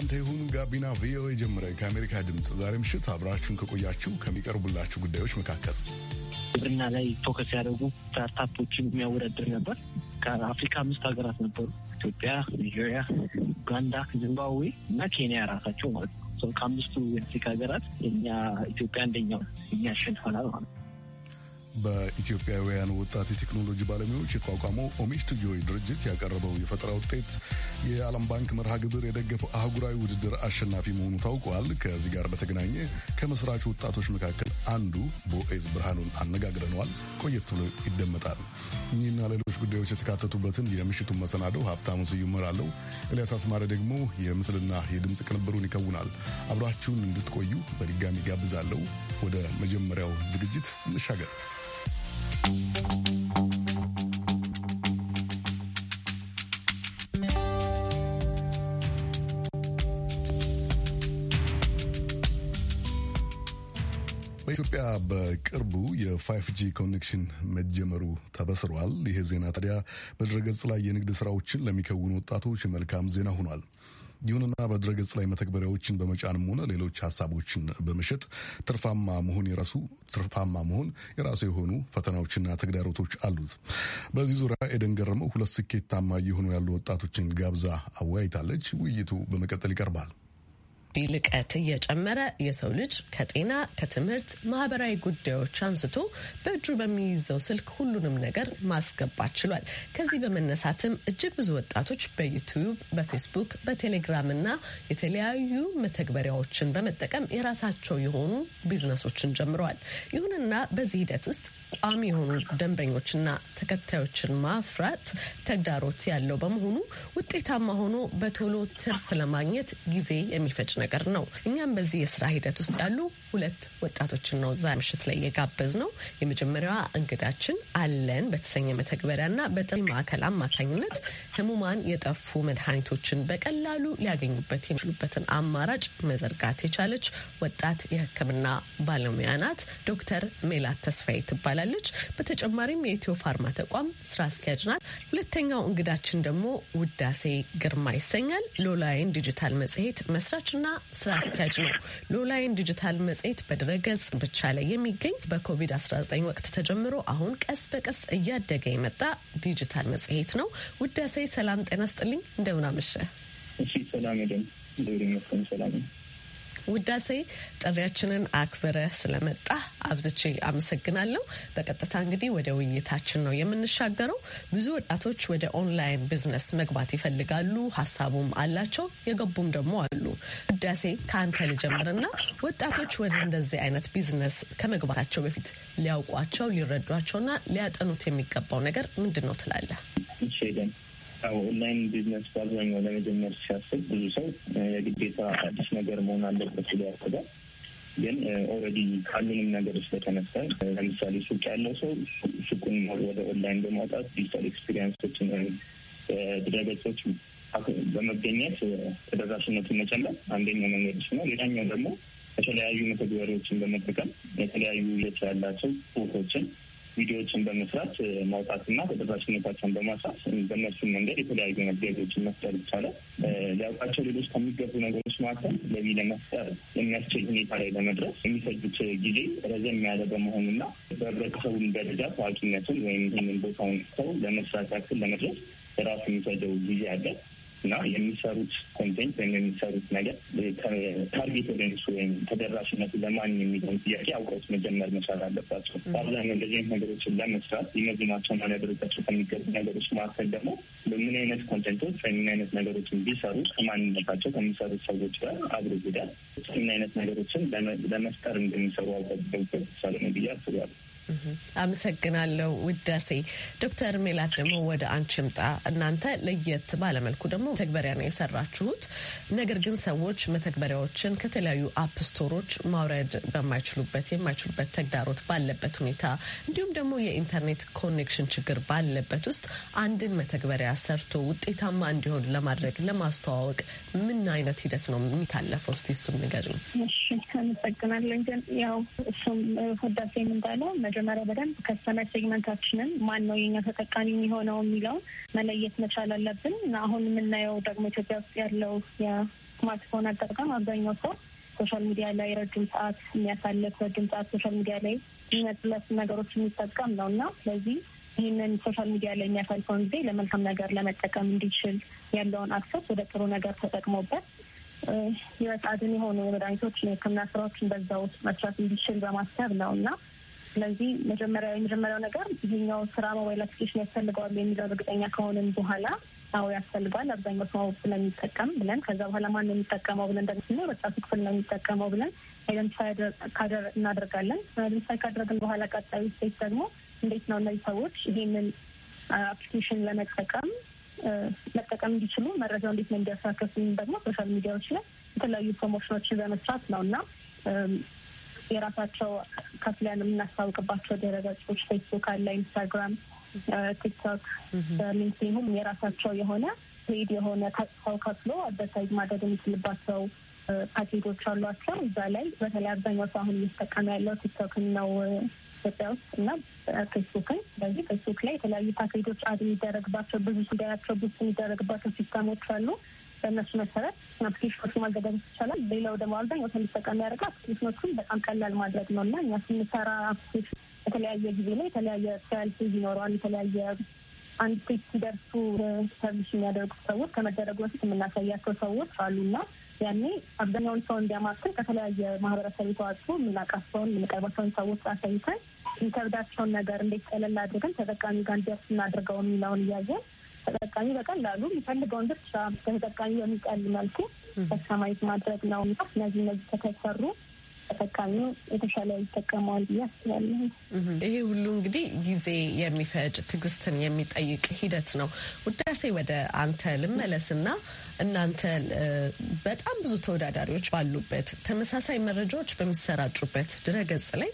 ለእናንተ ይሁን። ጋቢና ቪኦኤ ጀምረ ከአሜሪካ ድምፅ ዛሬ ምሽት አብራችሁን ከቆያችሁ ከሚቀርቡላችሁ ጉዳዮች መካከል ግብርና ላይ ፎከስ ያደረጉ ስታርታፖችን የሚያወዳድር ነበር። ከአፍሪካ አምስት ሀገራት ነበሩ። ኢትዮጵያ፣ ኒጀሪያ፣ ኡጋንዳ፣ ዚምባብዌ እና ኬንያ ራሳቸው ማለት ነው። ከአምስቱ የአፍሪካ ሀገራት የኛ ኢትዮጵያ አንደኛው የሚያሸንፈናል ማለት ነው። በኢትዮጵያውያን ወጣት የቴክኖሎጂ ባለሙያዎች የተቋቋመው ኦሜሽ ቱጆይ ድርጅት ያቀረበው የፈጠራ ውጤት የዓለም ባንክ መርሃ ግብር የደገፈው አህጉራዊ ውድድር አሸናፊ መሆኑ ታውቋል። ከዚህ ጋር በተገናኘ ከመስራቹ ወጣቶች መካከል አንዱ ቦኤዝ ብርሃኑን አነጋግረነዋል። ቆየት ብሎ ይደመጣል። እኚህና ሌሎች ጉዳዮች የተካተቱበትን የምሽቱን መሰናደው ሀብታሙ ስዩም እመራለሁ። ኤልያስ አስማረ ደግሞ የምስልና የድምፅ ቅንብሩን ይከውናል። አብራችሁን እንድትቆዩ በድጋሚ ጋብዛለሁ። ወደ መጀመሪያው ዝግጅት እንሻገር። በኢትዮጵያ በቅርቡ የፋይፍ ጂ ኮኔክሽን መጀመሩ ተበስሯል። ይህ ዜና ታዲያ በድረገጽ ላይ የንግድ ስራዎችን ለሚከውኑ ወጣቶች መልካም ዜና ሆኗል። ይሁንና በድረገጽ ላይ መተግበሪያዎችን በመጫንም ሆነ ሌሎች ሀሳቦችን በመሸጥ ትርፋማ መሆን የራሱ ትርፋማ መሆን የራሱ የሆኑ ፈተናዎችና ተግዳሮቶች አሉት። በዚህ ዙሪያ ኤደን ገረመው ሁለት ስኬታማ እየሆኑ ያሉ ወጣቶችን ጋብዛ አወያይታለች። ውይይቱ በመቀጠል ይቀርባል። ልቀት እየጨመረ የሰው ልጅ ከጤና፣ ከትምህርት፣ ማህበራዊ ጉዳዮች አንስቶ በእጁ በሚይዘው ስልክ ሁሉንም ነገር ማስገባት ችሏል። ከዚህ በመነሳትም እጅግ ብዙ ወጣቶች በዩቲዩብ፣ በፌስቡክ፣ በቴሌግራም እና የተለያዩ መተግበሪያዎችን በመጠቀም የራሳቸው የሆኑ ቢዝነሶችን ጀምረዋል። ይሁንና በዚህ ሂደት ውስጥ ቋሚ የሆኑ ደንበኞችና ተከታዮችን ማፍራት ተግዳሮት ያለው በመሆኑ ውጤታማ ሆኖ በቶሎ ትርፍ ለማግኘት ጊዜ የሚፈጭ ነገር ነገር ነው። እኛም በዚህ የስራ ሂደት ውስጥ ያሉ ሁለት ወጣቶችን ነው ዛ ምሽት ላይ የጋበዝ ነው። የመጀመሪያዋ እንግዳችን አለን በተሰኘ መተግበሪያና በጥሪ ማዕከል አማካኝነት ህሙማን የጠፉ መድኃኒቶችን በቀላሉ ሊያገኙበት የሚችሉበትን አማራጭ መዘርጋት የቻለች ወጣት የህክምና ባለሙያ ናት። ዶክተር ሜላት ተስፋዬ ትባላለች። በተጨማሪም የኢትዮ ፋርማ ተቋም ስራ አስኪያጅ ናት። ሁለተኛው እንግዳችን ደግሞ ውዳሴ ግርማ ይሰኛል። ሎላይን ዲጂታል መጽሔት መስራችና ስራ አስኪያጅ ነው። ሎላይን ዲጂታል መጽሔት በድረገጽ ብቻ ላይ የሚገኝ በኮቪድ-19 ወቅት ተጀምሮ አሁን ቀስ በቀስ እያደገ የመጣ ዲጂታል መጽሔት ነው። ውዳሴ ሰላም ጤና ስጥልኝ እንደምናመሸ እሺ ሰላም ደም ሰላም ውዳሴ ጥሪያችንን አክብረህ ስለመጣ አብዝቼ አመሰግናለሁ። በቀጥታ እንግዲህ ወደ ውይይታችን ነው የምንሻገረው። ብዙ ወጣቶች ወደ ኦንላይን ቢዝነስ መግባት ይፈልጋሉ፣ ሀሳቡም አላቸው፣ የገቡም ደግሞ አሉ። ውዳሴ ከአንተ ልጀምርና ወጣቶች ወደ እንደዚህ አይነት ቢዝነስ ከመግባታቸው በፊት ሊያውቋቸው ሊረዷቸውና ሊያጠኑት የሚገባው ነገር ምንድን ነው ትላለህ? ኦንላይን ቢዝነስ በአብዛኛው ለመጀመር ሲያስብ ብዙ ሰው የግዴታ አዲስ ነገር መሆን አለበት ብሎ ያስባል። ግን ኦልሬዲ ካሉንም ውስጥ በተነሳ ለምሳሌ ሱቅ ያለው ሰው ሱቁን ወደ ኦንላይን በማውጣት ዲጂታል ኤክስፒሪየንሶችን ድረገጾች በመገኘት ተደራሽነቱን መጨመር አንደኛው መንገድ ነው። ሌላኛው ደግሞ የተለያዩ መተግበሪያዎችን በመጠቀም የተለያዩ ይዘት ያላቸው ጽሁፎችን ቪዲዮዎችን በመስራት ማውጣትና ተደራሽነታቸውን በማስራት በእነሱ መንገድ የተለያዩ መገቢዎችን መፍጠር ይቻላል። ሊያውቃቸው ሌሎች ከሚገቡ ነገሮች መካከል ገቢ ለመፍጠር የሚያስችል ሁኔታ ላይ ለመድረስ የሚፈጁት ጊዜ ረዘም ያለ በመሆኑና በህብረተሰቡን ደረጃ ታዋቂነትን ወይም ይህንን ቦታውን ሰው ለመስራት ያክል ለመድረስ ራሱ የሚፈጀው ጊዜ አለ። እና የሚሰሩት ኮንቴንት ወይም የሚሰሩት ነገር ታርጌት ወደንሱ ወይም ተደራሽነቱ ለማን የሚለውን ጥያቄ አውቀውት መጀመር መቻል አለባቸው። በአብዛኛው እንደዚህ አይነት ነገሮችን ለመስራት ሊመዝናቸውና ሊያደርጋቸው ከሚገቡ ነገሮች መካከል ደግሞ በምን አይነት ኮንቴንቶች ወይም ምን አይነት ነገሮችን ቢሰሩ ከማንነታቸው ከሚሰሩት ሰዎች ጋር አብሮ ሄዳል ምን አይነት ነገሮችን ለመፍጠር እንደሚሰሩ አውቀው ገብቶ ሳለ ነው ብዬ አስባለሁ። አመሰግናለሁ ውዳሴ። ዶክተር ሜላት ደግሞ ወደ አንቺ ምጣ። እናንተ ለየት ባለመልኩ ደግሞ መተግበሪያ ነው የሰራችሁት። ነገር ግን ሰዎች መተግበሪያዎችን ከተለያዩ አፕ ስቶሮች ማውረድ በማይችሉበት የማይችሉበት ተግዳሮት ባለበት ሁኔታ እንዲሁም ደግሞ የኢንተርኔት ኮኔክሽን ችግር ባለበት ውስጥ አንድን መተግበሪያ ሰርቶ ውጤታማ እንዲሆን ለማድረግ ለማስተዋወቅ ምን አይነት ሂደት ነው የሚታለፈው? እስቲ እሱም ንገሪኝ። አመሰግናለሁ። ያው እሱም ውዳሴ እንዳለው መጀመሪያ በደንብ ከስተመር ሴግመንታችንን ማን ነው የኛ ተጠቃሚ የሚሆነው የሚለውን መለየት መቻል አለብን። አሁን የምናየው ደግሞ ኢትዮጵያ ውስጥ ያለው የስማርትፎን አጠቃቀም አብዛኛው ሰው ሶሻል ሚዲያ ላይ ረጅም ሰዓት የሚያሳልፍ ረጅም ሰዓት ሶሻል ሚዲያ ላይ የሚመጥለት ነገሮች የሚጠቀም ነው እና ስለዚህ ይህንን ሶሻል ሚዲያ ላይ የሚያሳልፈውን ጊዜ ለመልካም ነገር ለመጠቀም እንዲችል ያለውን አክሰስ ወደ ጥሩ ነገር ተጠቅሞበት ህይወት የሆኑ መድኃኒቶች የሕክምና ስራዎችን በዛ ውስጥ መስራት እንዲችል በማሰብ ነው እና ስለዚህ መጀመሪያ የመጀመሪያው ነገር ይሄኛው ስራ ሞባይል አፕሊኬሽን ያስፈልገዋል የሚለው እርግጠኛ ከሆንን በኋላ አዎ ያስፈልገዋል፣ አብዛኛው ሰው ስለሚጠቀም ብለን ከዛ በኋላ ማን የሚጠቀመው ብለን ደግሞ ወጣቱ ክፍል ነው የሚጠቀመው ብለን አይደንቲፋይ ካደር እናደርጋለን። አይደንቲፋይ ካደረግን በኋላ ቀጣዩ ስቴት ደግሞ እንዴት ነው እነዚህ ሰዎች ይሄንን አፕሊኬሽን ለመጠቀም መጠቀም እንዲችሉ መረጃው እንዴት ነው እንዲያሳከፍም ደግሞ ሶሻል ሚዲያዎች ላይ የተለያዩ ፕሮሞሽኖችን በመስራት ነው እና የራሳቸው ከፍለን የምናስታውቅባቸው ድረገጾች ፌስቡክ አለ፣ ኢንስታግራም፣ ቲክቶክ፣ ሊንክዲንም የራሳቸው የሆነ ሄድ የሆነ ሰው ከፍሎ አድቨርታይዝ ማድረግ የሚችልባቸው ፓኬጆች አሏቸው። እዛ ላይ በተለይ አብዛኛው ሰው አሁን እየተጠቀመ ያለው ቲክቶክን ነው ኢትዮጵያ ውስጥ እና ፌስቡክን። ስለዚህ ፌስቡክ ላይ የተለያዩ ፓኬጆች አድ የሚደረግባቸው ብዙ ጉዳያቸው ብዙ የሚደረግባቸው ሲስተሞች አሉ። በእነሱ መሰረት አፕሊኬሽኖቹ ማዘጋጀት ይቻላል። ሌላው ደግሞ አብዛኛው ሰው እንዲጠቀም ያደርገው አፕሊኬሽኖቹን በጣም ቀላል ማድረግ ነው እና እኛ ስንሰራ አፕሊኬሽን በተለያየ ጊዜ ላይ የተለያየ ሪያልቲ ይኖረዋል። የተለያየ አንድ ፔጅ ሲደርሱ ሰርቪስ የሚያደርጉት ሰዎች ከመደረጉ በፊት የምናሳያቸው ሰዎች አሉ እና ያኔ አብዛኛውን ሰው እንዲያማክል ከተለያየ ማህበረሰብ የተዋጡ የምናውቃቸውን የምንቀርባቸውን ሰዎች አሳይተን የሚከብዳቸውን ነገር እንዴት ቀለል አድርገን ተጠቃሚ ጋር እንዲደርስ እናድርገው የሚለውን እያየን ተጠቃሚ በቀላሉ የሚፈልገውን ብቻ ተጠቃሚ በሚቀል መልኩ ተሰማይት ማድረግ ነው እና እነዚህ እነዚህ ተከሰሩ ተጠቃሚው የተሻለ ይጠቀመዋል ብዬ አስባለሁ። ይሄ ሁሉ እንግዲህ ጊዜ የሚፈጅ ትዕግስትን የሚጠይቅ ሂደት ነው። ውዳሴ ወደ አንተ ልመለስና እናንተ በጣም ብዙ ተወዳዳሪዎች ባሉበት ተመሳሳይ መረጃዎች በሚሰራጩበት ድረገጽ ላይ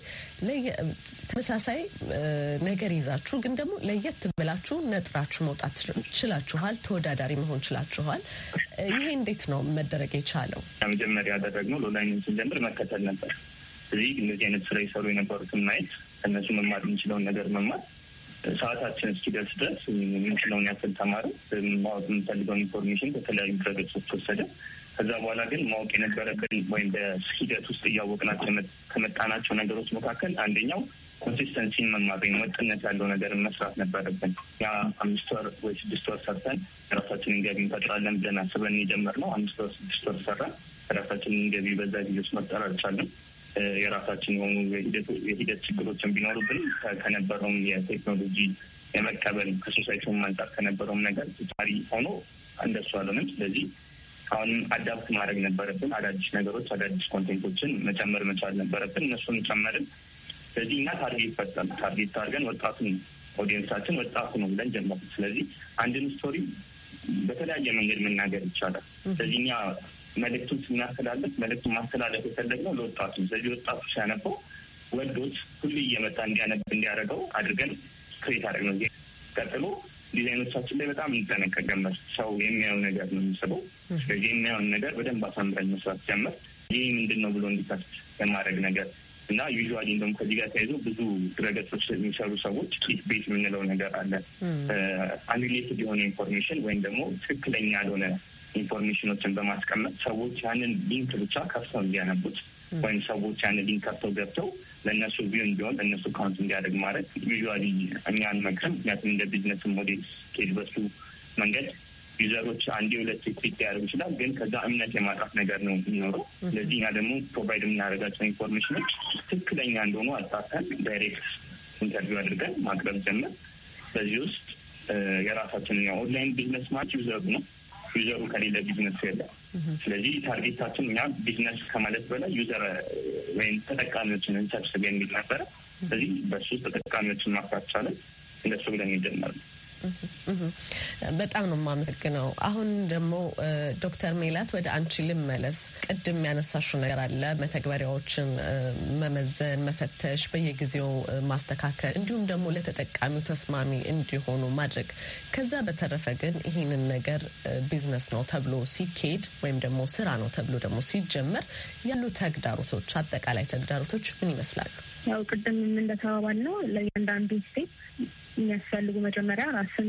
ተመሳሳይ ነገር ይዛችሁ ግን ደግሞ ለየት ብላችሁ ነጥራችሁ መውጣት ችላችኋል። ተወዳዳሪ መሆን ችላችኋል። ይሄ እንዴት ነው መደረግ የቻለው? መጀመሪያ ያደረግነው ሎላይን ስንጀምር መከተል ነበር። እዚህ እነዚህ አይነት ስራ ይሰሩ የነበሩትን ማየት፣ ከእነሱ መማር የምንችለውን ነገር መማር፣ ሰዓታችን እስኪደርስ ድረስ የምንችለውን ያክል ተማረ። ማወቅ የምንፈልገውን ኢንፎርሜሽን በተለያዩ ድረገጾች ወሰደ። ከዛ በኋላ ግን ማወቅ የነበረብን ወይም በሂደት ውስጥ እያወቅናቸው ከመጣናቸው ነገሮች መካከል አንደኛው ኮንሲስተንሲን መማር ወጥነት ያለው ነገር መስራት ነበረብን። ያ አምስት ወር ወይ ስድስት ወር ሰርተን የራሳችንን ገቢ እንፈጥራለን ብለን አስበን የጀመርነው አምስት ወር ስድስት ወር ሰራን። ራሳችንን ገቢ በዛ ጊዜ ውስጥ መፍጠር አልቻለም። የራሳችን የሆኑ የሂደት ችግሮችን ቢኖሩብን ከነበረውም የቴክኖሎጂ የመቀበል ከሶሳይቲውን አንጻር ከነበረውም ነገር ተጫሪ ሆኖ እንደሱ አልሆነም። ስለዚህ አሁንም አዳፕት ማድረግ ነበረብን። አዳዲስ ነገሮች፣ አዳዲስ ኮንቴንቶችን መጨመር መቻል ነበረብን። እነሱን ጨመርን። ስለዚህ እኛ ታርጌት ፈጠን ታርጌት ታርገን ወጣቱን ኦዲየንሳችን ወጣቱ ነው ብለን ጀመር። ስለዚህ አንድን ስቶሪ በተለያየ መንገድ መናገር ይቻላል። ስለዚህ እኛ መልእክቱን ስናስተላለፍ መልእክቱን ማስተላለፍ የፈለግነው ለወጣቱ። ስለዚህ ወጣቱ ሲያነበው ወዶች ሁሉ እየመጣ እንዲያነብ እንዲያደርገው አድርገን ክሬት አድርገን ነው። ቀጥሎ ዲዛይኖቻችን ላይ በጣም እንጠነቀቅ ጀመር። ሰው የሚያዩ ነገር ነው የሚስበው። ስለዚህ የሚያዩን ነገር በደንብ አሳምረን መስራት ጀመር። ይህ ምንድን ነው ብሎ እንዲከፍት የማድረግ ነገር እና ዩዥዋሊ እንደውም ከዚህ ጋር ተያይዞ ብዙ ድረገጾች የሚሰሩ ሰዎች ኪት ቤት የምንለው ነገር አለ። አንሪሌትድ የሆነ ኢንፎርሜሽን ወይም ደግሞ ትክክለኛ ያልሆነ ኢንፎርሜሽኖችን በማስቀመጥ ሰዎች ያንን ሊንክ ብቻ ከፍተው እንዲያነቡት ወይም ሰዎች ያንን ሊንክ ከፍተው ገብተው ለእነሱ ቪው እንዲሆን ለእነሱ ካውንት እንዲያደርግ ማድረግ ዩዥዋሊ እኛ አንመክርም። ምክንያቱም እንደ ቢዝነስ ሞዴል ከሄድ በሱ መንገድ ዩዘሮች አንዴ ሁለት ክሊክ ሊያደርጉ ይችላል፣ ግን ከዛ እምነት የማጣት ነገር ነው የሚኖረው። ስለዚህ እኛ ደግሞ ፕሮቫይድ የምናደርጋቸው ኢንፎርሜሽኖች ትክክለኛ እንደሆኑ አጣርተን ዳይሬክት ኢንተርቪው አድርገን ማቅረብ ጀመር። በዚህ ውስጥ የራሳችን ኦንላይን ቢዝነስ ማለት ዩዘሩ ነው። ዩዘሩ ከሌለ ቢዝነስ የለም። ስለዚህ ታርጌታችን እኛ ቢዝነስ ከማለት በላይ ዩዘር ወይም ተጠቃሚዎችን እንሰብስብ የሚል ነበረ። ስለዚህ በሱ ተጠቃሚዎችን ማፍራት ቻለን። እንደሱ ብለን የጀመርነው በጣም ነው የማመሰግነው። አሁን ደግሞ ዶክተር ሜላት ወደ አንቺ ልመለስ። ቅድም ያነሳሹ ነገር አለ፣ መተግበሪያዎችን መመዘን፣ መፈተሽ፣ በየጊዜው ማስተካከል እንዲሁም ደግሞ ለተጠቃሚው ተስማሚ እንዲሆኑ ማድረግ። ከዛ በተረፈ ግን ይህንን ነገር ቢዝነስ ነው ተብሎ ሲኬድ ወይም ደግሞ ስራ ነው ተብሎ ደግሞ ሲጀመር ያሉ ተግዳሮቶች፣ አጠቃላይ ተግዳሮቶች ምን ይመስላሉ? ያው ቅድም እንደተባባል ነው ለእያንዳንዱ ስቴት የሚያስፈልጉ መጀመሪያ ራስን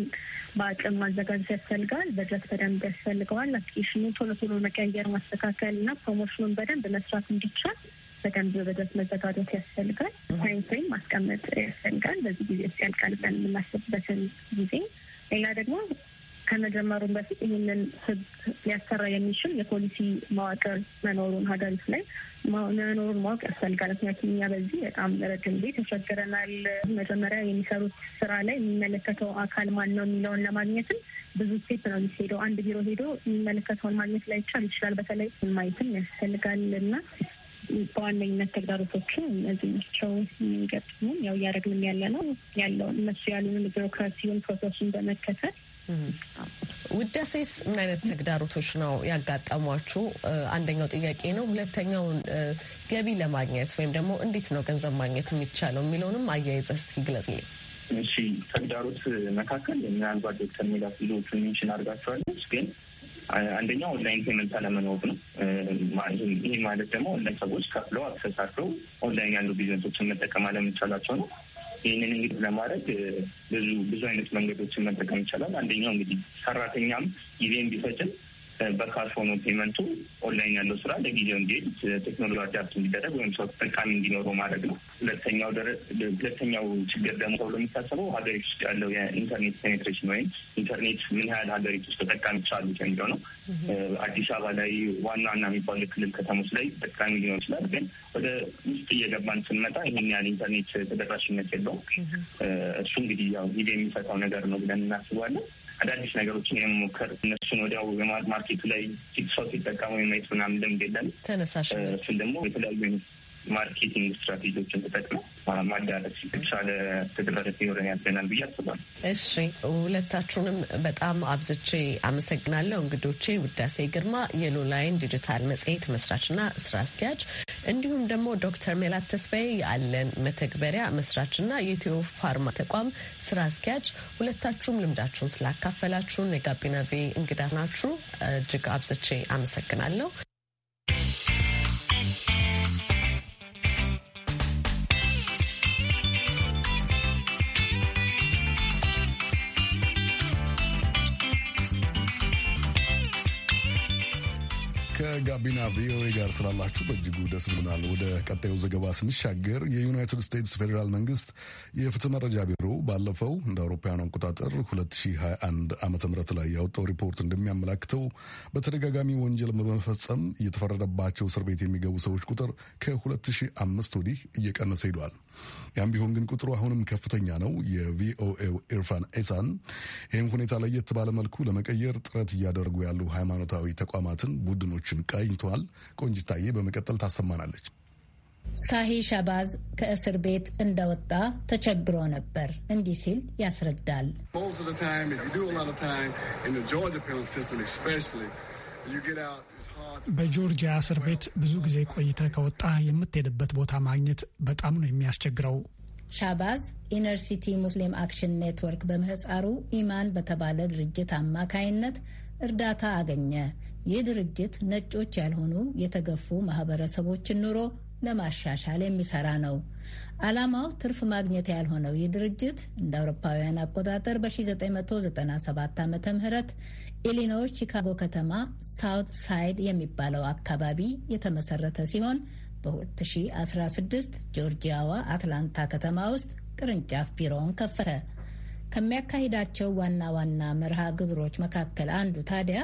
በአቅም ማዘጋጀት ያስፈልጋል። በጀት በደንብ ያስፈልገዋል። አፕሊኬሽኑ ቶሎ ቶሎ መቀየር፣ ማስተካከል እና ፕሮሞሽኑን በደንብ መስራት እንዲቻል በደንብ በጀት መዘጋጀት ያስፈልጋል። ታይም ፍሬም ማስቀመጥ ያስፈልጋል። በዚህ ጊዜ ውስጥ ብለን የምናስብበትን ጊዜ ሌላ ደግሞ ከመጀመሩም በፊት ይህንን ህግ ሊያሰራ የሚችል የፖሊሲ መዋቅር መኖሩን ሀገሪቱ ላይ መኖሩን ማወቅ ያስፈልጋል። ምክንያቱም እኛ በዚህ በጣም ረጅም ጊዜ ተቸግረናል። መጀመሪያ የሚሰሩት ስራ ላይ የሚመለከተው አካል ማን ነው የሚለውን ለማግኘትም ብዙ ስቴፕ ነው የሚሄደው። አንድ ቢሮ ሄዶ የሚመለከተውን ማግኘት ላይቻል ይችላል። በተለይ ማየትም ያስፈልጋል እና በዋነኝነት ተግዳሮቶቹ እነዚህ ናቸው የሚገጥሙ። ያው እያደረግንም ያለ ነው ያለውን እነሱ ያሉንን ቢሮክራሲውን ፕሮሰሱን በመከተል ውዳሴስ ምን አይነት ተግዳሮቶች ነው ያጋጠሟችሁ? አንደኛው ጥያቄ ነው። ሁለተኛውን ገቢ ለማግኘት ወይም ደግሞ እንዴት ነው ገንዘብ ማግኘት የሚቻለው የሚለውንም አያይዘ እስኪ ግለጽ። እሺ፣ ተግዳሮት መካከል ምናልባት ዶክተር ሜላት ብዙዎቹ ሜንሽን አድርጋችኋለች፣ ግን አንደኛው ኦንላይን ፔመንት አለመኖር ነው። ይህ ማለት ደግሞ ኦንላይን ሰዎች ከፍለው አክሰሳቸው ኦንላይን ያሉ ቢዝነሶችን መጠቀም አለመቻላቸው ነው። ይህንን እንግዲህ ለማድረግ ብዙ ብዙ አይነት መንገዶችን መጠቀም ይቻላል። አንደኛው እንግዲህ ሰራተኛም ጊዜም ቢፈጭም በካሽ ሆኖ ፔመንቱ ኦንላይን ያለው ስራ ለጊዜው እንዲሄድ ቴክኖሎጂ አዳፕት እንዲደረግ ወይም ሰው ተጠቃሚ እንዲኖረው ማድረግ ነው። ሁለተኛው ሁለተኛው ችግር ደግሞ ተብሎ የሚታሰበው ሀገሪቱ ውስጥ ያለው የኢንተርኔት ፔኔትሬሽን ወይም ኢንተርኔት ምን ያህል ሀገሪቱ ውስጥ ተጠቃሚ ይችላሉ የሚለው ነው። አዲስ አበባ ላይ ዋና ዋና የሚባሉ ክልል ከተሞች ላይ ተጠቃሚ ሊኖር ይችላል፣ ግን ወደ ውስጥ እየገባን ስንመጣ ይህን ያህል ኢንተርኔት ተደራሽነት የለውም። እሱ እንግዲህ ያው ጊዜ የሚፈታው ነገር ነው ብለን እናስባለን። አዳዲስ ነገሮችን የመሞከር እነሱን ወዲያው የማድማት ኪቱ ላይ ኪቱ ሰው ሲጠቀሙ የማየት ምናምን ልምድ ተነሳሽ እሱን ደግሞ የተለያዩ አይነት ማርኬቲንግ ስትራቴጂዎችን ተጠቅመ ማዳረስ የተሻለ ተደራረፊ ይሆነን ያለናል ብዬ አስባለሁ። እሺ ሁለታችሁንም በጣም አብዝቼ አመሰግናለሁ። እንግዶቼ ውዳሴ ግርማ የሎላይን ዲጂታል መጽሔት መስራችና ስራ አስኪያጅ እንዲሁም ደግሞ ዶክተር ሜላት ተስፋዬ የአለን መተግበሪያ መስራችና የኢትዮ ፋርማ ተቋም ስራ አስኪያጅ፣ ሁለታችሁም ልምዳችሁን ስላካፈላችሁን የጋቢና ቪ እንግዳ ናችሁ። እጅግ አብዝቼ አመሰግናለሁ። ከጋቢና ቪኦኤ ጋር ስላላችሁ በእጅጉ ደስ ብሎናል። ወደ ቀጣዩ ዘገባ ስንሻገር የዩናይትድ ስቴትስ ፌዴራል መንግስት የፍትህ መረጃ ቢሮ ባለፈው እንደ አውሮፓውያኑ አቆጣጠር 2021 ዓ ም ላይ ያወጣው ሪፖርት እንደሚያመላክተው በተደጋጋሚ ወንጀል በመፈጸም እየተፈረደባቸው እስር ቤት የሚገቡ ሰዎች ቁጥር ከ2005 ወዲህ እየቀነሰ ሄዷል። ያም ቢሆን ግን ቁጥሩ አሁንም ከፍተኛ ነው። የቪኦኤ ኢርፋን ኤሳን ይህም ሁኔታ ለየት ባለመልኩ ለመቀየር ጥረት እያደረጉ ያሉ ሃይማኖታዊ ተቋማትን ቡድኖችን ቃይ ተገኝተዋል። ቆንጅታዬ በመቀጠል ታሰማናለች። ሳሂ ሻባዝ ከእስር ቤት እንደወጣ ተቸግሮ ነበር። እንዲህ ሲል ያስረዳል። በጆርጂያ እስር ቤት ብዙ ጊዜ ቆይተህ ከወጣህ የምትሄድበት ቦታ ማግኘት በጣም ነው የሚያስቸግረው። ሻባዝ ኢነር ሲቲ ሙስሊም አክሽን ኔትወርክ በምህፃሩ ኢማን በተባለ ድርጅት አማካይነት እርዳታ አገኘ። ይህ ድርጅት ነጮች ያልሆኑ የተገፉ ማህበረሰቦችን ኑሮ ለማሻሻል የሚሰራ ነው። ዓላማው ትርፍ ማግኘት ያልሆነው ይህ ድርጅት እንደ አውሮፓውያን አቆጣጠር በ1997 ዓ ም ኢሊኖይ ቺካጎ ከተማ ሳውት ሳይድ የሚባለው አካባቢ የተመሰረተ ሲሆን በ2016 ጆርጂያዋ አትላንታ ከተማ ውስጥ ቅርንጫፍ ቢሮውን ከፈተ። ከሚያካሂዳቸው ዋና ዋና መርሃ ግብሮች መካከል አንዱ ታዲያ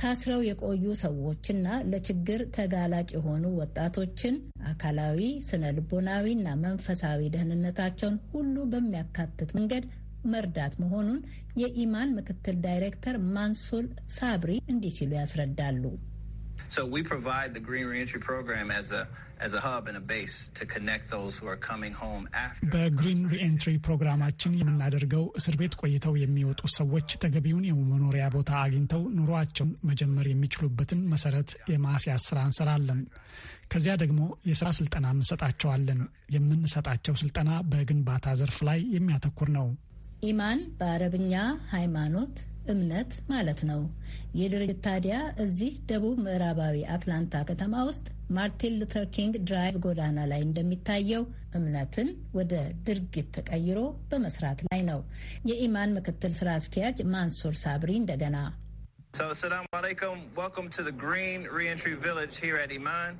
ታስረው የቆዩ ሰዎችና ለችግር ተጋላጭ የሆኑ ወጣቶችን አካላዊ፣ ስነ ልቦናዊና መንፈሳዊ ደህንነታቸውን ሁሉ በሚያካትት መንገድ መርዳት መሆኑን የኢማን ምክትል ዳይሬክተር ማንሱል ሳብሪ እንዲህ ሲሉ ያስረዳሉ። So we provide the Green Reentry Program as a በግሪን ሪኤንትሪ ፕሮግራማችን የምናደርገው እስር ቤት ቆይተው የሚወጡ ሰዎች ተገቢውን የመኖሪያ ቦታ አግኝተው ኑሯቸውን መጀመር የሚችሉበትን መሰረት የማስያዝ ስራ እንሰራለን። ከዚያ ደግሞ የስራ ስልጠና እንሰጣቸዋለን። የምንሰጣቸው ስልጠና በግንባታ ዘርፍ ላይ የሚያተኩር ነው። ኢማን በአረብኛ ሃይማኖት እምነት ማለት ነው። ይህ ድርጅት ታዲያ እዚህ ደቡብ ምዕራባዊ አትላንታ ከተማ ውስጥ ማርቲን ሉተር ኪንግ ድራይቭ ጎዳና ላይ እንደሚታየው እምነትን ወደ ድርጊት ተቀይሮ በመስራት ላይ ነው። የኢማን ምክትል ስራ አስኪያጅ ማንሱር ሳብሪ እንደገና አሰላሙ አለይኩም ወልካም ቱ ግሪን ሪኤንትሪ ቪሌጅ ሂር አት ኢማን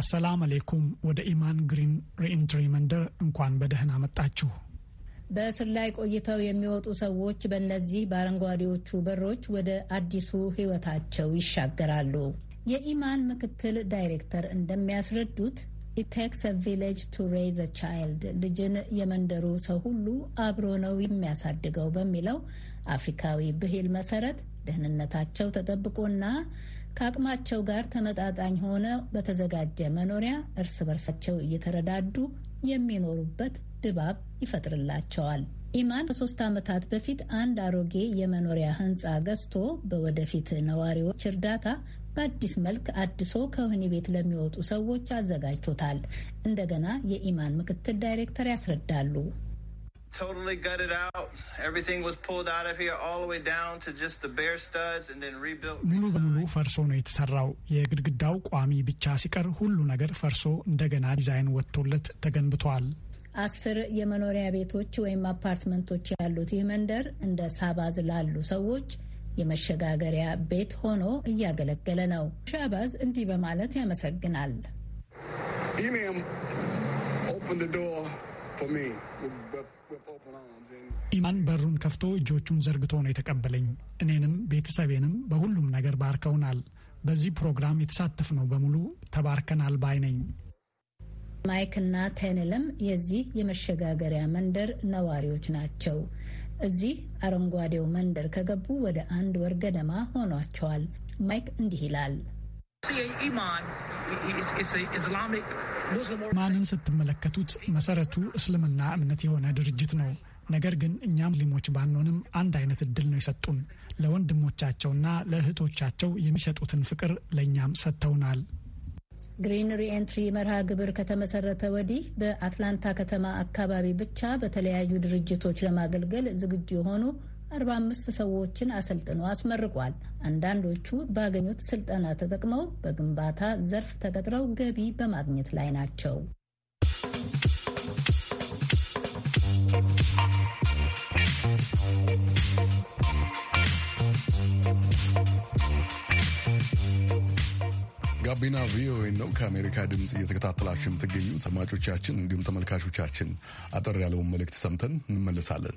አሰላም አሌይኩም ወደ ኢማን ግሪን ሪኢንትሪ መንደር እንኳን በደህና መጣችሁ። በእስር ላይ ቆይተው የሚወጡ ሰዎች በእነዚህ በአረንጓዴዎቹ በሮች ወደ አዲሱ ህይወታቸው ይሻገራሉ። የኢማን ምክትል ዳይሬክተር እንደሚያስረዱት ኢቴክስ ቪሌጅ ቱ ሬይዝ ቻይልድ ልጅን የመንደሩ ሰው ሁሉ አብሮ ነው የሚያሳድገው በሚለው አፍሪካዊ ብሂል መሰረት ደህንነታቸው ተጠብቆና ከአቅማቸው ጋር ተመጣጣኝ ሆነ በተዘጋጀ መኖሪያ እርስ በርሳቸው እየተረዳዱ የሚኖሩበት ድባብ ይፈጥርላቸዋል። ኢማን ከሶስት ዓመታት በፊት አንድ አሮጌ የመኖሪያ ህንፃ ገዝቶ በወደፊት ነዋሪዎች እርዳታ በአዲስ መልክ አድሶ ከወህኒ ቤት ለሚወጡ ሰዎች አዘጋጅቶታል። እንደገና የኢማን ምክትል ዳይሬክተር ያስረዳሉ። totally gutted out. Everything was pulled out of here all the way down to just the bare studs and then rebuilt. ሙሉ በሙሉ ፈርሶ ነው የተሰራው። የግድግዳው ቋሚ ብቻ ሲቀር ሁሉ ነገር ፈርሶ እንደገና ዲዛይን ወጥቶለት ተገንብቷል። አስር የመኖሪያ ቤቶች ወይም አፓርትመንቶች ያሉት ይህ መንደር እንደ ሳባዝ ላሉ ሰዎች የመሸጋገሪያ ቤት ሆኖ እያገለገለ ነው። ሻባዝ እንዲህ በማለት ያመሰግናል። ኢሜም ኦፕን ዶር ኢማን በሩን ከፍቶ እጆቹን ዘርግቶ ነው የተቀበለኝ። እኔንም ቤተሰቤንም በሁሉም ነገር ባርከውናል። በዚህ ፕሮግራም የተሳተፍነው በሙሉ ተባርከናል ባይ ነኝ። ማይክና ቴንልም የዚህ የመሸጋገሪያ መንደር ነዋሪዎች ናቸው። እዚህ አረንጓዴው መንደር ከገቡ ወደ አንድ ወር ገደማ ሆኗቸዋል። ማይክ እንዲህ ይላል። ኢማን ማንን ስትመለከቱት መሰረቱ እስልምና እምነት የሆነ ድርጅት ነው። ነገር ግን እኛ ሙስሊሞች ባንሆንም አንድ አይነት እድል ነው የሰጡን። ለወንድሞቻቸውና ለእህቶቻቸው የሚሰጡትን ፍቅር ለእኛም ሰጥተውናል። ግሪን ሪኤንትሪ መርሃ ግብር ከተመሰረተ ወዲህ በአትላንታ ከተማ አካባቢ ብቻ በተለያዩ ድርጅቶች ለማገልገል ዝግጁ የሆኑ 45 ሰዎችን አሰልጥኖ አስመርቋል። አንዳንዶቹ ባገኙት ስልጠና ተጠቅመው በግንባታ ዘርፍ ተቀጥረው ገቢ በማግኘት ላይ ናቸው። ጋቢና ቪኦኤ ነው ከአሜሪካ ድምፅ እየተከታተላችሁ የምትገኙ አድማጮቻችን፣ እንዲሁም ተመልካቾቻችን። አጠር ያለውን መልእክት ሰምተን እንመለሳለን።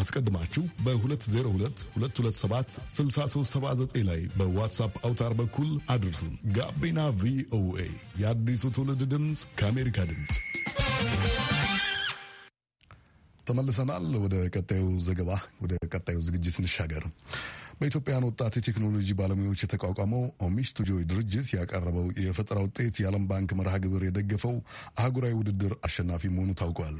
አስቀድማችሁ በ202227 6379 ላይ በዋትሳፕ አውታር በኩል አድርሱን። ጋቢና ቪኦኤ የአዲሱ ትውልድ ድምፅ ከአሜሪካ ድምፅ ተመልሰናል። ወደ ቀጣዩ ዘገባ ወደ ቀጣዩ ዝግጅት እንሻገር። በኢትዮጵያን ወጣት የቴክኖሎጂ ባለሙያዎች የተቋቋመው ኦሚስቱ ጆይ ድርጅት ያቀረበው የፈጠራ ውጤት የዓለም ባንክ መርሃ ግብር የደገፈው አህጉራዊ ውድድር አሸናፊ መሆኑ ታውቋል።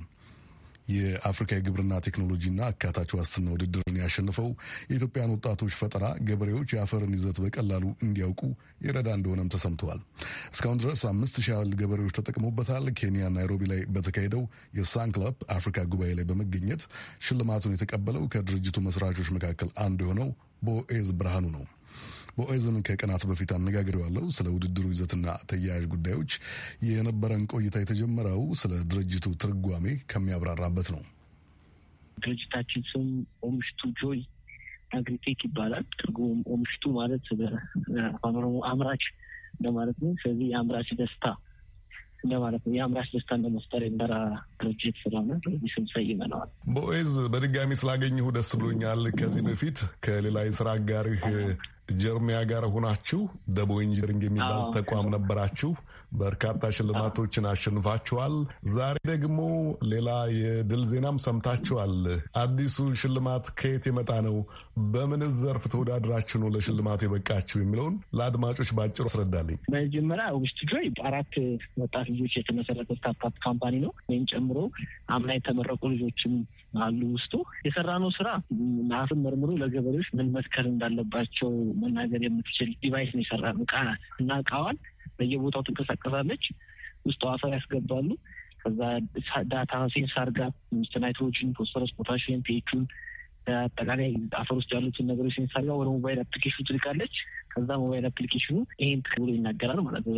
የአፍሪካ የግብርና ቴክኖሎጂና አካታች ዋስትና ውድድርን ያሸንፈው የኢትዮጵያን ወጣቶች ፈጠራ ገበሬዎች የአፈርን ይዘት በቀላሉ እንዲያውቁ ይረዳ እንደሆነም ተሰምተዋል። እስካሁን ድረስ አምስት ሺህ ያህል ገበሬዎች ተጠቅሞበታል። ኬንያ ናይሮቢ ላይ በተካሄደው የሳን ክለብ አፍሪካ ጉባኤ ላይ በመገኘት ሽልማቱን የተቀበለው ከድርጅቱ መስራቾች መካከል አንዱ የሆነው ቦኤዝ ብርሃኑ ነው። በኦይዘን ከቀናት በፊት አነጋግሬዋለሁ። ስለ ውድድሩ ይዘትና ተያያዥ ጉዳዮች የነበረን ቆይታ የተጀመረው ስለ ድርጅቱ ትርጓሜ ከሚያብራራበት ነው። ድርጅታችን ስም ኦምሽቱ ጆይ አግሪቴክ ይባላል። ትርጉም ኦምሽቱ ማለት አምራች ለማለት ነው። ስለዚህ የአምራች ደስታ እንደማለት ነው። የአምራች ደስታን ለመፍጠር የሚሰራ ድርጅት ስለሆነ ስም ሰይመነዋል። ቦኤዝ፣ በድጋሚ ስላገኘሁ ደስ ብሎኛል። ከዚህ በፊት ከሌላ የስራ አጋርህ ጀርሚያ ጋር ሆናችሁ ደቦ ኢንጂነሪንግ የሚባል ተቋም ነበራችሁ። በርካታ ሽልማቶችን አሸንፋችኋል። ዛሬ ደግሞ ሌላ የድል ዜናም ሰምታችኋል። አዲሱ ሽልማት ከየት የመጣ ነው? በምን ዘርፍ ተወዳድራችሁ ነው ለሽልማቱ የበቃችሁ የሚለውን ለአድማጮች በአጭሩ አስረዳልኝ። መጀመሪያ ውስጥ ጆይ አራት ወጣት ልጆች የተመሰረተ ስታርታፕ ካምፓኒ ነው። እኔን ጨምሮ አምና የተመረቁ ልጆችም አሉ። ውስጡ የሰራነው ስራ ናፍን መርምሮ ለገበሬዎች ምን መትከል እንዳለባቸው መናገር የምትችል ዲቫይስ ነው የሰራነው እቃ እና እቃዋን በየቦታው ትንቀሳቀሳለች። ውስጥ አፈር ያስገባሉ። ከዛ ዳታ ሴንሳር ጋር ውስጥ ናይትሮጅን፣ ፎስፈረስ፣ ፖታሽን ፔቹን አጠቃላይ አፈር ውስጥ ያሉትን ነገሮች ሴንሳር ጋር ወደ ሞባይል አፕሊኬሽን ትልቃለች። ከዛ ሞባይል አፕሊኬሽኑ ይሄን ብሎ ይናገራል ማለት ነው።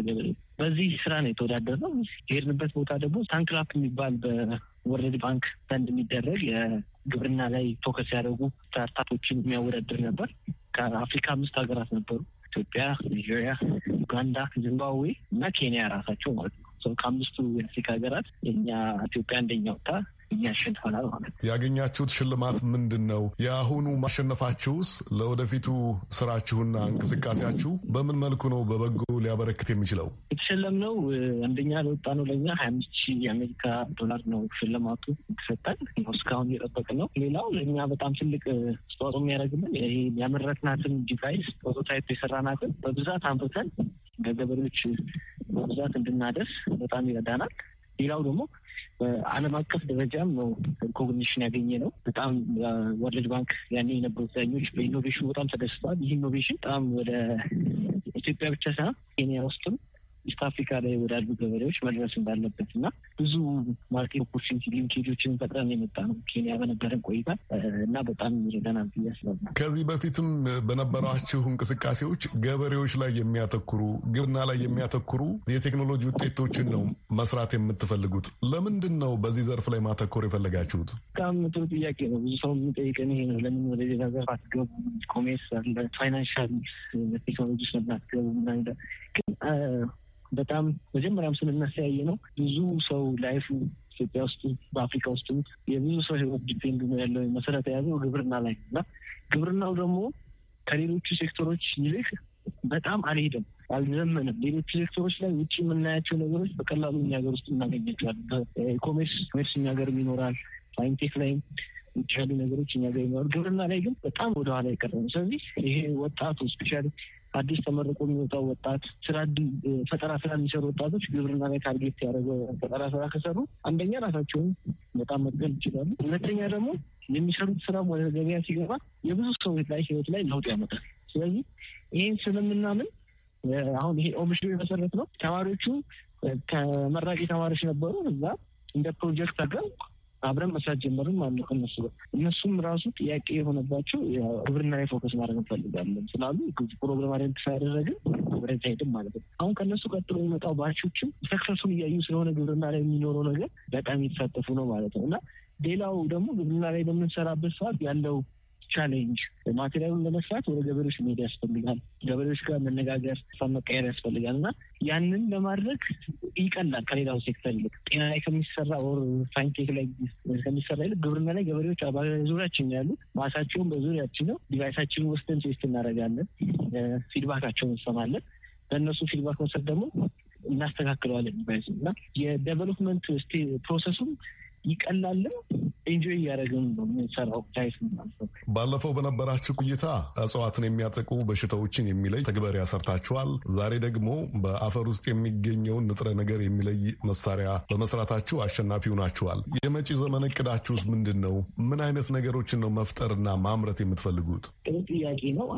በዚህ ስራ ነው የተወዳደር ነው። የሄድንበት ቦታ ደግሞ ታንክላፕ የሚባል በወርልድ ባንክ ዘንድ የሚደረግ የግብርና ላይ ፎከስ ያደረጉ ስታርታፖችን የሚያወዳድር ነበር። ከአፍሪካ አምስት ሀገራት ነበሩ። ኢትዮጵያ፣ ኒጀሪያ፣ ዩጋንዳ፣ ዚምባብዌ እና ኬንያ ራሳቸው ማለት ነው። ከአምስቱ የአፍሪካ ሀገራት የኛ ኢትዮጵያ አንደኛ ወጥታ እያሸን ማለት ነው። ያገኛችሁት ሽልማት ምንድን ነው? የአሁኑ ማሸነፋችሁስ ለወደፊቱ ስራችሁና እንቅስቃሴያችሁ በምን መልኩ ነው በበጎ ሊያበረክት የሚችለው? የተሸለምነው አንደኛ ነው። ለኛ ሀያ አምስት ሺህ የአሜሪካ ዶላር ነው ሽልማቱ የተሰጠን እስካሁን የጠበቅ ነው። ሌላው ለእኛ በጣም ትልቅ አስተዋጽኦ የሚያደርግልን ይሄ ያመረትናትን ዲቫይስ ፕሮቶታይፕ የሰራናትን በብዛት አንብተን ለገበሬዎች በብዛት እንድናደርስ በጣም ይረዳናል። ሌላው ደግሞ በዓለም አቀፍ ደረጃም ነው ኮግኒሽን ያገኘ ነው። በጣም ወርልድ ባንክ ያኔ የነበሩት ዳኞች በኢኖቬሽኑ በጣም ተደስተዋል። ይህ ኢኖቬሽን በጣም ወደ ኢትዮጵያ ብቻ ሳይሆን ኬንያ ውስጥም ኢስት አፍሪካ ላይ ወዳሉ ገበሬዎች መድረስ እንዳለበት እና ብዙ ማርኬት ኦፖርቹኒቲ ሊንኬጆችን ፈጥረን የመጣ ነው ኬንያ በነበረን ቆይታ እና በጣም ይረዳናል ብዬ አስባለሁ። ከዚህ በፊትም በነበራችሁ እንቅስቃሴዎች ገበሬዎች ላይ የሚያተኩሩ ግብርና ላይ የሚያተኩሩ የቴክኖሎጂ ውጤቶችን ነው መስራት የምትፈልጉት። ለምንድን ነው በዚህ ዘርፍ ላይ ማተኮር የፈለጋችሁት? በጣም ጥሩ ጥያቄ ነው። ብዙ ሰው የሚጠይቀን ይሄ ነው። ለምን ወደ ሌላ ዘርፍ አትገቡ? ኮሜርስ አለ፣ ፋይናንሻል ቴክኖሎጂ ለምን አትገቡ? ግን በጣም መጀመሪያም ስለሚያስተያየ ነው ብዙ ሰው ላይፉ ኢትዮጵያ ውስጥ በአፍሪካ ውስጥ የብዙ ሰው ህይወት ዲፔንድ ነው ያለው መሰረት የያዘው ግብርና ላይ እና ግብርናው ደግሞ ከሌሎቹ ሴክተሮች ይልቅ በጣም አልሄደም፣ አልዘመንም። ሌሎቹ ሴክተሮች ላይ ውጭ የምናያቸው ነገሮች በቀላሉ እኛ ሀገር ውስጥ እናገኘቸዋል። በኢኮሜርስ ኮሜርስ እኛ ሀገርም ይኖራል። ሳይንቴክ ላይም ውጭ ያሉ ነገሮች እኛ ሀገር ይኖራል። ግብርና ላይ ግን በጣም ወደኋላ የቀረ ነው። ስለዚህ ይሄ ወጣቱ ስፔሻሊ አዲስ ተመርቆ የሚወጣው ወጣት ስራ ፈጠራ ስራ የሚሰሩ ወጣቶች ግብርና ላይ ታርጌት ያደረገ ፈጠራ ስራ ከሰሩ አንደኛ ራሳቸውን በጣም መጥገል ይችላሉ። ሁለተኛ ደግሞ የሚሰሩት ስራ ወደ ገበያ ሲገባ የብዙ ሰዎች ላይ ህይወት ላይ ለውጥ ያመጣል። ስለዚህ ይህን ስለምናምን አሁን ይሄ ኦብሽ የመሰረት ነው። ተማሪዎቹ ተመራቂ ተማሪዎች ነበሩ። እዛ እንደ ፕሮጀክት አገር አብረን መስራት ጀመርም አለ ከነሱ ጋር። እነሱም ራሱ ጥያቄ የሆነባቸው ግብርና ላይ ፎከስ ማድረግ እንፈልጋለን ስላሉ ፕሮግራም አደንት ሳያደረግን ወደዛ ሄድን ማለት ነው። አሁን ከእነሱ ቀጥሎ የመጣው ባቾችም ሰክሰሱን እያዩ ስለሆነ ግብርና ላይ የሚኖረው ነገር በጣም የተሳተፉ ነው ማለት ነው እና ሌላው ደግሞ ግብርና ላይ በምንሰራበት ሰዓት ያለው ቻሌንጅ ማቴሪያሉን ለመስራት ወደ ገበሬዎች መሄድ ያስፈልጋል። ገበሬዎች ጋር መነጋገር፣ ሀሳብ መቀየር ያስፈልጋል እና ያንን ለማድረግ ይቀላል ከሌላው ሴክተር ይልቅ ጤና ላይ ከሚሰራ ወር ሳይንቴክ ላይ ከሚሰራ ይልቅ ግብርና ላይ ገበሬዎች ዙሪያችን ያሉ ማሳቸውን በዙሪያችን ነው። ዲቫይሳችንን ወስደን ቴስት እናደርጋለን። ፊድባካቸውን እንሰማለን። በእነሱ ፊድባክ መውሰድ ደግሞ እናስተካክለዋለን ዲቫይስ እና የዴቨሎፕመንት ፕሮሰሱም ይቀላልም ኢንጆይ እያደረግም የምንሰራው ታይት ባለፈው በነበራችሁ ቆይታ እጽዋትን የሚያጠቁ በሽታዎችን የሚለይ ተግበሪያ ሰርታችኋል። ዛሬ ደግሞ በአፈር ውስጥ የሚገኘውን ንጥረ ነገር የሚለይ መሳሪያ በመስራታችሁ አሸናፊ ሆናችኋል። የመጪ ዘመን እቅዳችሁስ ምንድን ነው? ምን አይነት ነገሮችን ነው መፍጠርና ማምረት የምትፈልጉት? ጥሩ ጥያቄ ነው።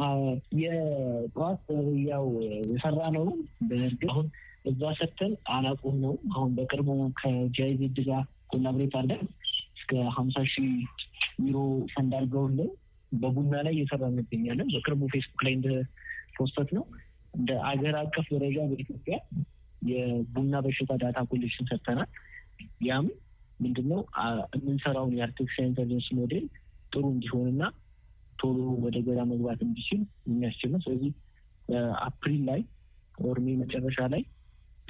የእጽዋት ያው የሰራ ነው በእርግጥ አሁን እዛ ሰተን አላቁም ነው አሁን በቅርቡ ከጃይዜድ ጋር ኮላብሬት አድርገን እስከ ሀምሳ ሺህ ዩሮ ፈንድ አድርገውልን በቡና ላይ እየሰራ እንገኛለን። በቅርቡ ፌስቡክ ላይ ፖስተት ነው እንደ አገር አቀፍ ደረጃ በኢትዮጵያ የቡና በሽታ ዳታ ኮሌክሽን ሰጥተናል። ያም ምንድነው የምንሰራውን የአርቲፊሻል ኢንተሊጀንስ ሞዴል ጥሩ እንዲሆንና ቶሎ ወደ ገዳ መግባት እንዲችል የሚያስችል ነው። ስለዚህ በአፕሪል ላይ ኦርሜ መጨረሻ ላይ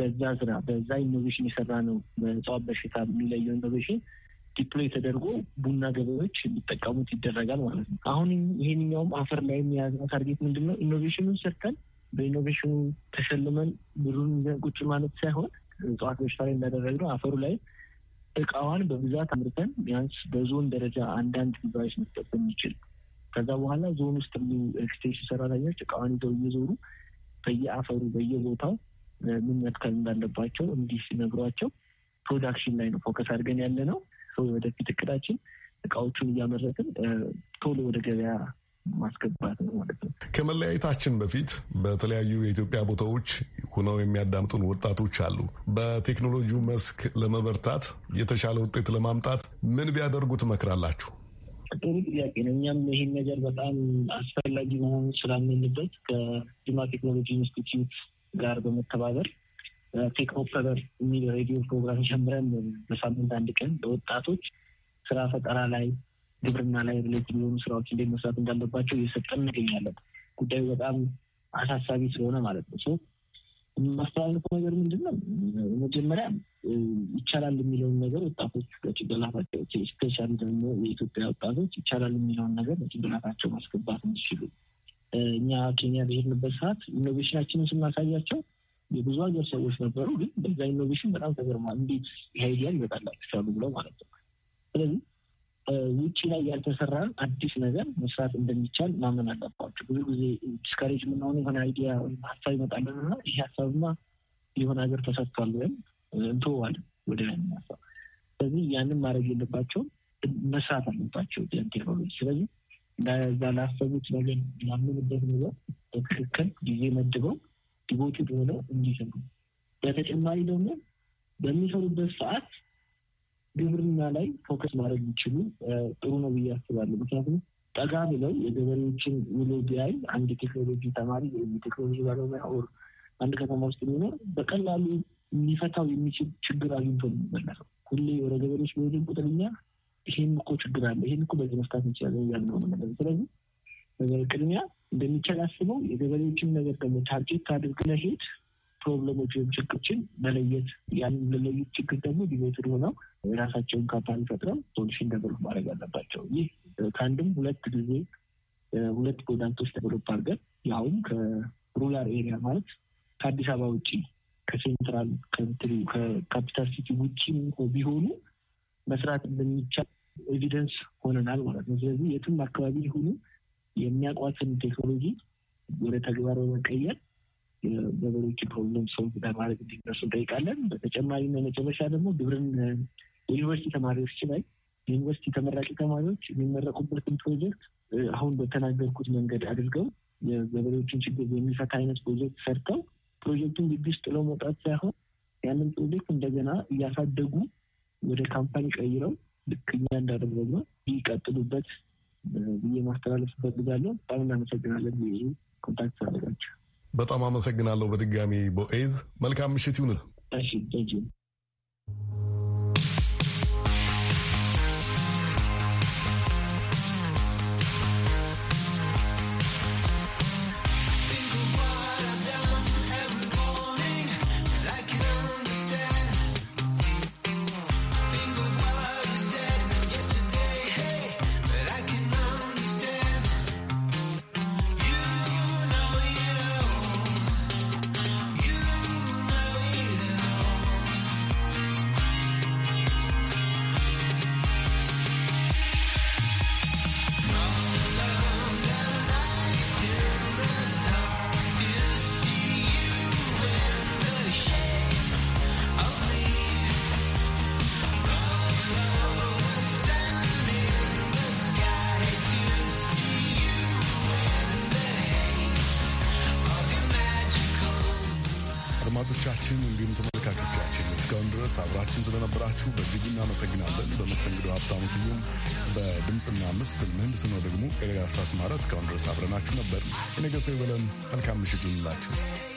በዛ ስራ በዛ ኢኖቬሽን የሰራ ነው በእጽዋት በሽታ የሚለየው ኢኖቬሽን ዲፕሎይ ተደርጎ ቡና ገበሬዎች እንዲጠቀሙት ይደረጋል ማለት ነው። አሁን ይሄንኛውም አፈር ላይ የያዝነው ታርጌት ምንድን ነው? ኢኖቬሽኑን ሰርተን በኢኖቬሽኑ ተሸልመን ብሩን ቁጭ ማለት ሳይሆን እጽዋት በሽታ ላይ እንዳደረግነው አፈሩ ላይ እቃዋን በብዛት አምርተን ቢያንስ በዞን ደረጃ አንዳንድ ግባዎች መስጠት የሚችል ከዛ በኋላ ዞን ውስጥ ያሉ ኤክስቴንሽን ሰራተኞች እቃዋን ይዘው እየዞሩ በየአፈሩ በየቦታው ምን መትከል እንዳለባቸው እንዲህ ሲነግሯቸው ፕሮዳክሽን ላይ ነው ፎከስ አድርገን ያለ ነው። ወደፊት እቅዳችን እቃዎቹን እያመረትን ቶሎ ወደ ገበያ ማስገባት ነው ማለት ነው። ከመለያየታችን በፊት በተለያዩ የኢትዮጵያ ቦታዎች ሆነው የሚያዳምጡን ወጣቶች አሉ። በቴክኖሎጂው መስክ ለመበርታት የተሻለ ውጤት ለማምጣት ምን ቢያደርጉ ትመክራላችሁ? ጥሩ ጥያቄ ነው። እኛም ይህን ነገር በጣም አስፈላጊ መሆኑ ስላመንበት ከጅማ ቴክኖሎጂ ኢንስቲትዩት ጋር በመተባበር ቴክ ኦፐበር የሚል ሬዲዮ ፕሮግራም ጀምረን በሳምንት አንድ ቀን በወጣቶች ስራ ፈጠራ ላይ፣ ግብርና ላይ ሪሌት የሚሆኑ ስራዎች እንዴት መስራት እንዳለባቸው እየሰጠን እንገኛለን። ጉዳዩ በጣም አሳሳቢ ስለሆነ ማለት ነው። የማስተላለፈው ነገር ምንድን ነው? መጀመሪያ ይቻላል የሚለውን ነገር ወጣቶች ከጭንቅላታቸው ስፔሻሊ ደግሞ የኢትዮጵያ ወጣቶች ይቻላል የሚለውን ነገር በጭንቅላታቸው ማስገባት እንዲችሉ እኛ ኬንያ በሄድንበት ሰዓት ኢኖቬሽናችንን ስናሳያቸው የብዙ ሀገር ሰዎች ነበሩ፣ ግን በዛ ኢኖቬሽን በጣም ተገርማ እንዴት ይህ አይዲያ ይመጣላችኋል ብለው ማለት ነው። ስለዚህ ውጭ ላይ ያልተሰራን አዲስ ነገር መስራት እንደሚቻል ማመን አለባቸው። ብዙ ጊዜ ዲስካሬጅ የምናሆነ የሆነ አይዲያ ወይም ሀሳብ ይመጣለን እና ይህ ሀሳብማ የሆነ ሀገር ተሰጥቷል ወይም እንትዋለን ወደ ላይ ሀሳብ ስለዚህ ያንን ማድረግ የለባቸውም መስራት አለባቸው ቴክኖሎጂ ስለዚህ ለዛ ላሰቡት ነገር ላመኑበት ነገር በትክክል ጊዜ መድበው ዲቮትድ ሆነው እንዲሰሩ፣ በተጨማሪ ደግሞ በሚሰሩበት ሰዓት ግብርና ላይ ፎከስ ማድረግ ይችሉ ጥሩ ነው ብዬ አስባለሁ። ምክንያቱም ጠጋ ብለው የገበሬዎችን ውሎ ቢያይ አንድ ቴክኖሎጂ ተማሪ ወይም ቴክኖሎጂ ባለሙያ ኦር አንድ ከተማ ውስጥ የሚኖር በቀላሉ ሊፈታው የሚችል ችግር አግኝቶ ነው ሁሌ ወደ ገበሬዎች በሄድን ቁጥር እኛ ይሄን እኮ ችግር አለ፣ ይሄን እኮ በዚህ መፍታት እንችላለን እያሉ ነው የምንለው። ስለዚህ ነገር ቅድሚያ እንደሚቻል አስበው የገበሬዎችን ነገር ደግሞ ታርጌት አድርግ ለሄድ ፕሮብለሞች ወይም ችግሮችን መለየት ያንን ለለዩት ችግር ደግሞ ዲቤትድ ሆነው የራሳቸውን ካምፓኒ ፈጥረው ሶሉሽን ደቨሎፕ ማድረግ አለባቸው። ይህ ከአንድም ሁለት ጊዜ ሁለት ፕሮዳክቶች ደቨሎፕ አድርገን ያውም ከሩላር ኤሪያ ማለት ከአዲስ አበባ ውጭ ከሴንትራል ከካፒታል ሲቲ ውጭ ቢሆኑ መስራት እንደሚቻል ኤቪደንስ ሆነናል ማለት ነው። ስለዚህ የትም አካባቢ ሊሆኑ የሚያቋትን ቴክኖሎጂ ወደ ተግባር በመቀየር ነገሮች ፕሮብለም ሰው ለማድረግ እንዲነሱ እንጠይቃለን። በተጨማሪ መጨረሻ ደግሞ ግብርን ዩኒቨርሲቲ ተማሪዎች ላይ ዩኒቨርሲቲ ተመራቂ ተማሪዎች የሚመረቁበትን ፕሮጀክት አሁን በተናገርኩት መንገድ አድርገው የገበሬዎችን ችግር የሚፈታ አይነት ፕሮጀክት ሰርተው ፕሮጀክቱን ግቢ ውስጥ ጥለው መውጣት ሳይሆን ያንን ፕሮጀክት እንደገና እያሳደጉ ወደ ካምፓኒ ቀይረው ልክኛ እንዳደረገ ይቀጥሉበት ብዬ ማስተላለፍ እፈልጋለሁ። በጣም እናመሰግናለን። ኮንታክት ሳደረጋቸው በጣም አመሰግናለሁ። በድጋሚ ቦኤዝ መልካም ምሽት ይሁንል። እሺ አድማጮቻችን እንዲሁም ተመልካቾቻችን እስካሁን ድረስ አብራችን ስለነበራችሁ በእጅጉ እናመሰግናለን። በመስተንግዶ ሀብታሙ ስዩም፣ በድምፅና ምስል ነው ደግሞ ኤልያስ አስማረ። እስካሁን ድረስ አብረናችሁ ነበር። የነገ ሰው ይበለን። መልካም ምሽት ይሁንላችሁ።